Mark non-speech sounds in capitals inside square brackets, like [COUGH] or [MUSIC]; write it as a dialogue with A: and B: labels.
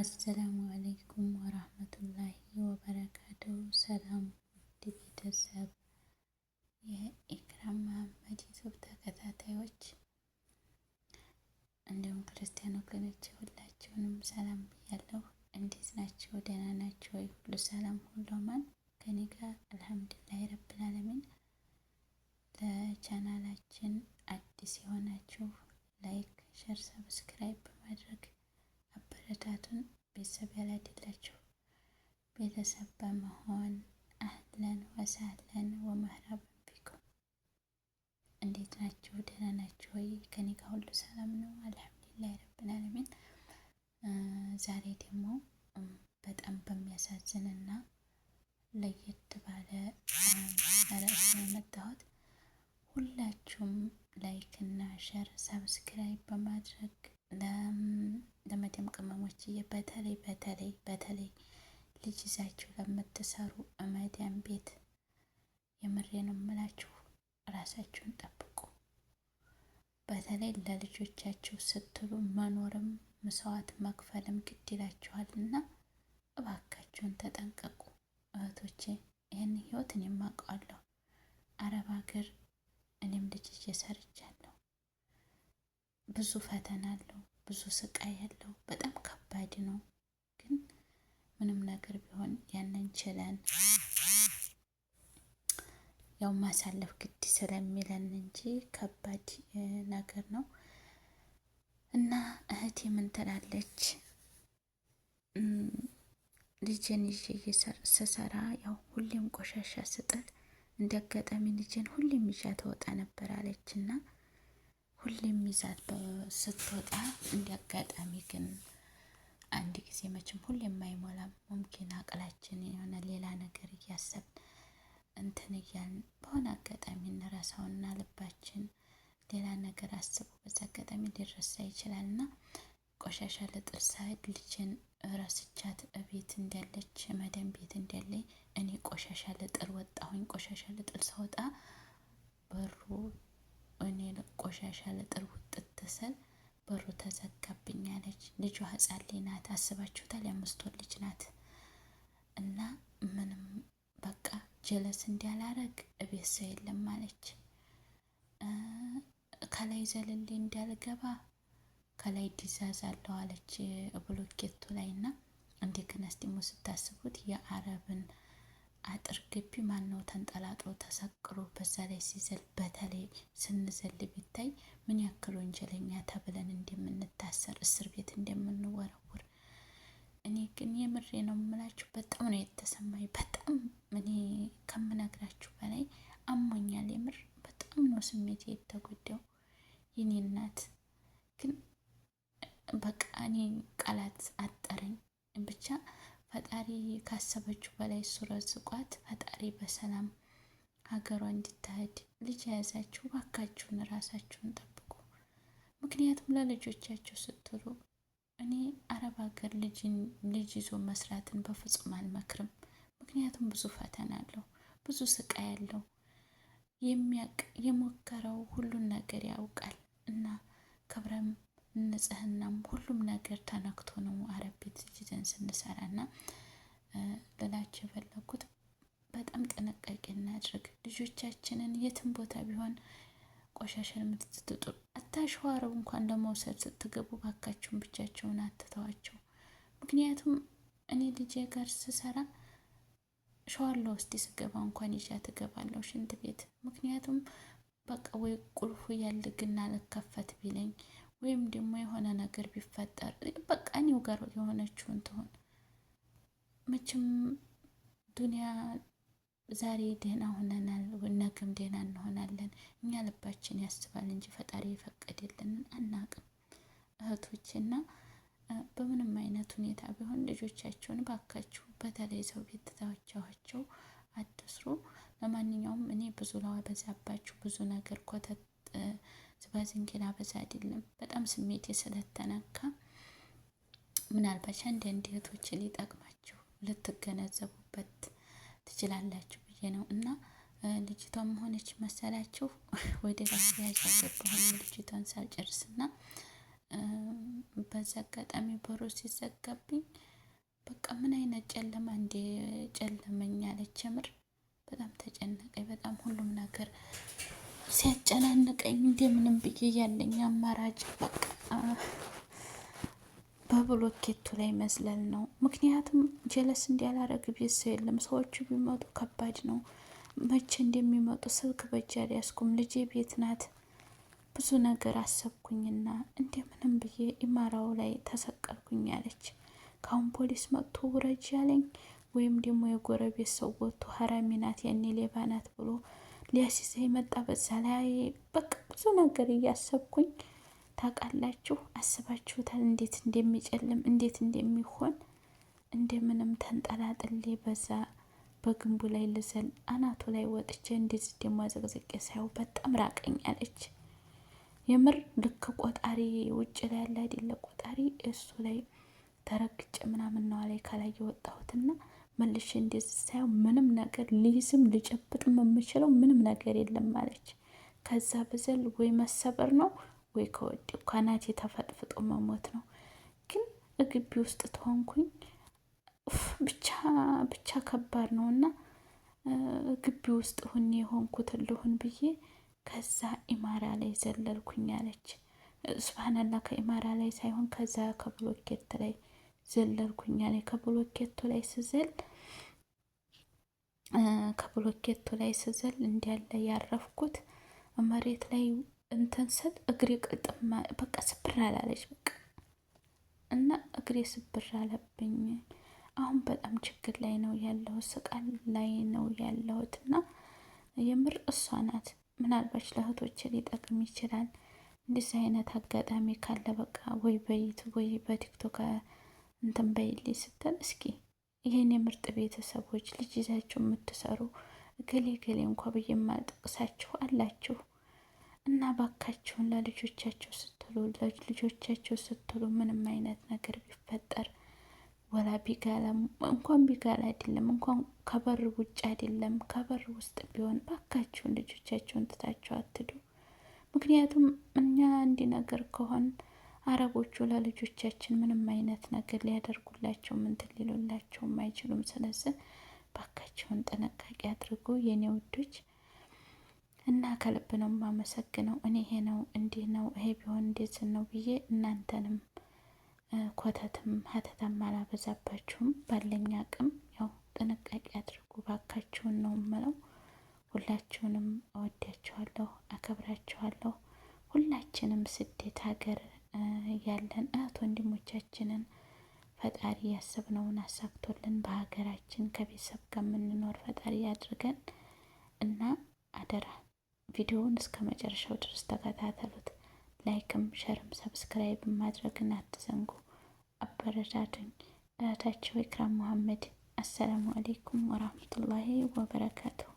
A: አሰላሙ አለይኩም ወራህመቱላሂ ወበረካቱ። ሰላም ውድ ቤተሰብ የኢክራም መሀመድ ዩቱብ ተከታታዮች እንዲሁም ክርስቲያን ወገኖች ሁላችሁንም ሰላም ብያለሁ። እንዴት ናቸው? ደህና ናቸው ወይ? ሁሉ ሰላም ሁሉ ማን ከኔ ጋር አልሐምዱሊላህ ረብል አለሚን። ለቻናላችን አዲስ የሆናችሁ ላይክ፣ ሸር፣ ሰብስክራይብ በማድረግ ብርታቱን ቤተሰብ ያላደላቸው ቤተሰብ በመሆን አህለን ወሳለን ወመህራብ ቢኩም። እንዴት ናቸው? ደህና ናቸው ወይ? ከኔ ጋር ሁሉ ሰላም ነው አልሐምዱሊላህ ረብል ዛሬ ደግሞ በጣም በሚያሳዝንና ለየት ባለ ርዕስ ነው የመጣሁት። ሁላችሁም ላይክ እና ሸር ሰብስክራይብ በማድረግ ለመደም ቅመሞችዬ በተለይ በተለይ በተለይ ልጅ ይዛችሁ ለምትሰሩ እመዲያን ቤት ነው እምላችሁ ራሳችሁን ጠብቁ። በተለይ ለልጆቻችሁ ስትሉ መኖርም መስዋዕት መክፈልም ግድ እና እባካችሁን ተጠንቀቁ እህቶቼ። ይህን ህይወት እኔም አውቀዋለሁ። አረብ ሀገር እኔም ልጅ እየሰርጃለሁ። ብዙ ፈተና አለው። ብዙ ስቃይ ያለው በጣም ከባድ ነው። ግን ምንም ነገር ቢሆን ያንን ችለን ያው ማሳለፍ ግድ ስለሚለን እንጂ ከባድ ነገር ነው እና እህቴ ምን ትላለች? ልጄን ይዤ ስሰራ ያው ሁሌም ቆሻሻ ስጥል እንደ አጋጣሚ ልጄን ሁሌም ይዣ ተወጣ ነበር አለች እና ሁሌም ይዛት ስትወጣ እንዲ አጋጣሚ ግን አንድ ጊዜ መቼም ሁሌም አይሞላም። ሙምኪን አቅላችን የሆነ ሌላ ነገር እያሰብን እንትን እያልን በሆነ አጋጣሚ እንረሳውና ልባችን ሌላ ነገር አስቦ በዛ አጋጣሚ ሊረሳ ይችላል እና ቆሻሻ ልጥል ሳይድ ልጅን ረስቻት እቤት እንዳለች መደን ቤት እንዳለኝ እኔ ቆሻሻ ልጥል ወጣሁኝ። ቆሻሻ ልጥል ሰወጣ በሩ እኔ ቆሻሻ ልጥል ውጥት ስል በሩ ተዘጋብኝ አለች። ልጇ ሕፃን ላይ ናት። አስባችሁታል? የአምስት ወር ልጅ ናት እና ምንም በቃ ጀለስ እንዲያላረግ እቤት ሰው የለም አለች። ከላይ ዘልሌ እንዲያልገባ ከላይ ዲዛዝ አለው አለች ብሎኬቱ ላይ እና እንዴ ክነስቲሞ ስታስቡት የአረብን አጥር ግቢ ማነው ተንጠላጥሎ ተሰቅሎ በዛ ላይ ሲዘል በተለይ ስንዘል ቢታይ ምን ያክል ወንጀለኛ ተብለን እንደምንታሰር እስር ቤት እንደምንወረውር። እኔ ግን የምሬ ነው የምላችሁ፣ በጣም ነው የተሰማኝ። በጣም እኔ ከምነግራችሁ በላይ አሞኛል። የምር በጣም ነው ስሜት የተጎዳው። የኔ እናት ግን በቃ እኔ ቃላት አጠረኝ ብቻ ፈጣሪ ካሰበችው በላይ እሱ ረዝቋት ፈጣሪ በሰላም ሀገሯ እንድታሄድ ልጅ የያዛችሁ ባካችሁን ራሳችሁን ጠብቁ። ምክንያቱም ለልጆቻቸው ስትሉ እኔ አረብ ሀገር ልጅ ይዞ መስራትን በፍጹም አልመክርም። ምክንያቱም ብዙ ፈተና አለው፣ ብዙ ስቃይ አለው። የሚያቅ የሞከረው ሁሉን ነገር ያውቃል እና ክብረም ንጽህናም ሁሉም ነገር ተነክቶ ነው አረብ ቤት ይዘን ስንሰራ እና ልላቸው የፈለኩት በጣም ጥንቃቄ እናድርግ። ልጆቻችንን የትም ቦታ ቢሆን ቆሻሻ የምትትጡ አታሸዋረው እንኳን ለመውሰድ ስትገቡ ባካችሁን ብቻቸውን አትተዋቸው። ምክንያቱም እኔ ልጄ ጋር ስሰራ ሸዋለ ውስጥ ስገባ እንኳን ይዣ ትገባለሁ ሽንት ቤት ምክንያቱም በቃ ወይ ቁልፉ ያልግና ልከፈት ቢለኝ ወይም ደግሞ የሆነ ነገር ቢፈጠር በቃ እኔው ጋር የሆነችውን ትሆን። መቼም ዱንያ ዛሬ ደህና ሆነናል፣ ነገም ደህና እንሆናለን። እኛ ልባችን ያስባል እንጂ ፈጣሪ የፈቀደልንን አናቅም። እህቶችና በምንም አይነት ሁኔታ ቢሆን ልጆቻቸውን ባካችሁ በተለይ ሰው ቤት ትተዋቸዋቸው አትስሩ። ለማንኛውም እኔ ብዙ ለዋ በዛባችሁ ብዙ ነገር ኮተት በዝንጌላ በዛ አይደለም በጣም ስሜት የሰለተነካ ምናልባት አንዳንድ እህቶች ሊጠቅማችሁ ልትገነዘቡበት ትችላላችሁ ብዬ ነው እና ልጅቷም ሆነች መሰላችሁ [LAUGHS] ወደ ራሴ ያዥ ልጅቷን ልጅቷን ሳልጨርስና በዛ አጋጣሚ በሮ ሲዘጋብኝ በቃ ምን አይነት ጨለማ እንደ ጨለመኝ አለች። ምር በጣም ተጨነቀኝ። በጣም ሁሉም ነገር ሲያጨናንቀኝ እንደምንም ብዬ ያለኝ አማራጭ በቃ በብሎኬቱ ላይ መዝለል ነው። ምክንያቱም ጀለስ እንዲያላረግ ቤት ሰው የለም። ሰዎቹ ቢመጡ ከባድ ነው። መቼ እንደሚመጡ ስልክ በእጅ አልያዝኩም። ልጄ ቤት ናት። ብዙ ነገር አሰብኩኝና እንደምንም ብዬ ኢማራው ላይ ተሰቀልኩኝ አለች። ካሁን ፖሊስ መጥቶ ውረጅ ያለኝ ወይም ደግሞ የጎረቤት ሰው ወጥቶ ሀራሚ ናት ያኔ ሌባ ናት ብሎ ሊያስይዘኝ መጣ። በዛ ላይ በቃ ብዙ ነገር እያሰብኩኝ ታውቃላችሁ፣ አስባችሁታል? እንዴት እንደሚጨልም እንዴት እንደሚሆን እንደምንም ተንጠላጥሌ በዛ በግንቡ ላይ ልዘል አናቱ ላይ ወጥቼ እንዴት ደግሞ ዘቅዘቄ ሳይው በጣም ራቀኝ አለች። የምር ልክ ቆጣሪ ውጭ ላይ ያለ አይደለ ቆጣሪ፣ እሱ ላይ ተረግጬ ምናምን ነዋ ላይ ከላይ የወጣሁትና መልሼ እንደዚህ ሳይሆን ምንም ነገር ልይዝም ልጨብጥም የምችለው ምንም ነገር የለም አለች። ከዛ ብዘል ወይ መሰበር ነው ወይ ከወዲው ከናቴ ተፈጥፍጦ መሞት ነው። ግን እግቢ ውስጥ ተሆንኩኝ ብቻ ብቻ ከባድ ነው እና ግቢ ውስጥ ሁን የሆንኩትን ልሁን ብዬ ከዛ ኢማራ ላይ ዘለልኩኝ አለች። ስብሃናላ ከኢማራ ላይ ሳይሆን ከዛ ከብሎኬት ላይ ዘለልኩኝ አለች። ከብሎኬቱ ላይ ስዘል ከብሎኬቱ ላይ ስዘል እንዲያለ ያረፍኩት መሬት ላይ እንትን ስል እግሬ ቅጥማ በቃ ስብር አላለች በቃ እና እግሬ ስብር አለብኝ። አሁን በጣም ችግር ላይ ነው ያለሁት፣ ስቃል ላይ ነው ያለሁት እና የምር እሷ ናት። ምናልባች ለእህቶች ሊጠቅም ይችላል። እንደዚህ አይነት አጋጣሚ ካለ በቃ ወይ በዩቱብ ወይ በቲክቶክ እንትን በይልኝ ስትል እስኪ ይህን የምርጥ ቤተሰቦች ልጅ ይዛችሁ የምትሰሩ እገሌ እገሌ እንኳ ብዬ የማልጠቅሳችሁ አላችሁ እና ባካችሁን ለልጆቻቸው ስትሉ ልጆቻችሁ ስትሉ ምንም አይነት ነገር ቢፈጠር ወላ ቢጋላ እንኳን ቢጋላ አይደለም እንኳን ከበር ውጭ አይደለም ከበር ውስጥ ቢሆን ባካችሁን ልጆቻቸውን ትታችሁ አትዱ። ምክንያቱም እኛ እንዲህ ነገር ከሆን አረቦቹ ለልጆቻችን ምንም አይነት ነገር ሊያደርጉላቸው ምን ሊሉላቸውም አይችሉም። ስለዚህ ባካቸውን ጥንቃቄ አድርጉ የኔ ውዶች እና ከልብ ነው የማመሰግነው። እኔ ይሄ ነው እንዲህ ነው ይሄ ቢሆን እንዴት ነው ብዬ እናንተንም ኮተትም ሀተታም አላበዛባችሁም። ባለኝ አቅም ያው ጥንቃቄ አድርጉ ባካችሁን ነው የምለው። ሁላችሁንም እወዳችኋለሁ፣ አከብራችኋለሁ። ሁላችንም ስደት ሀገር ያለን እህት ወንድሞቻችንን ፈጣሪ ያሰብነውን አሳክቶልን በሀገራችን ከቤተሰብ ጋር የምንኖር ፈጣሪ ያድርገን እና አደራ ቪዲዮውን እስከ መጨረሻው ድረስ ተከታተሉት። ላይክም፣ ሸርም ሰብስክራይብ ማድረግን አትዘንጉ። አበረታቱኝ። እህታቸው ኢክራም መሐመድ። አሰላሙ አሌይኩም ወራህመቱላሂ ወበረካቱሁ።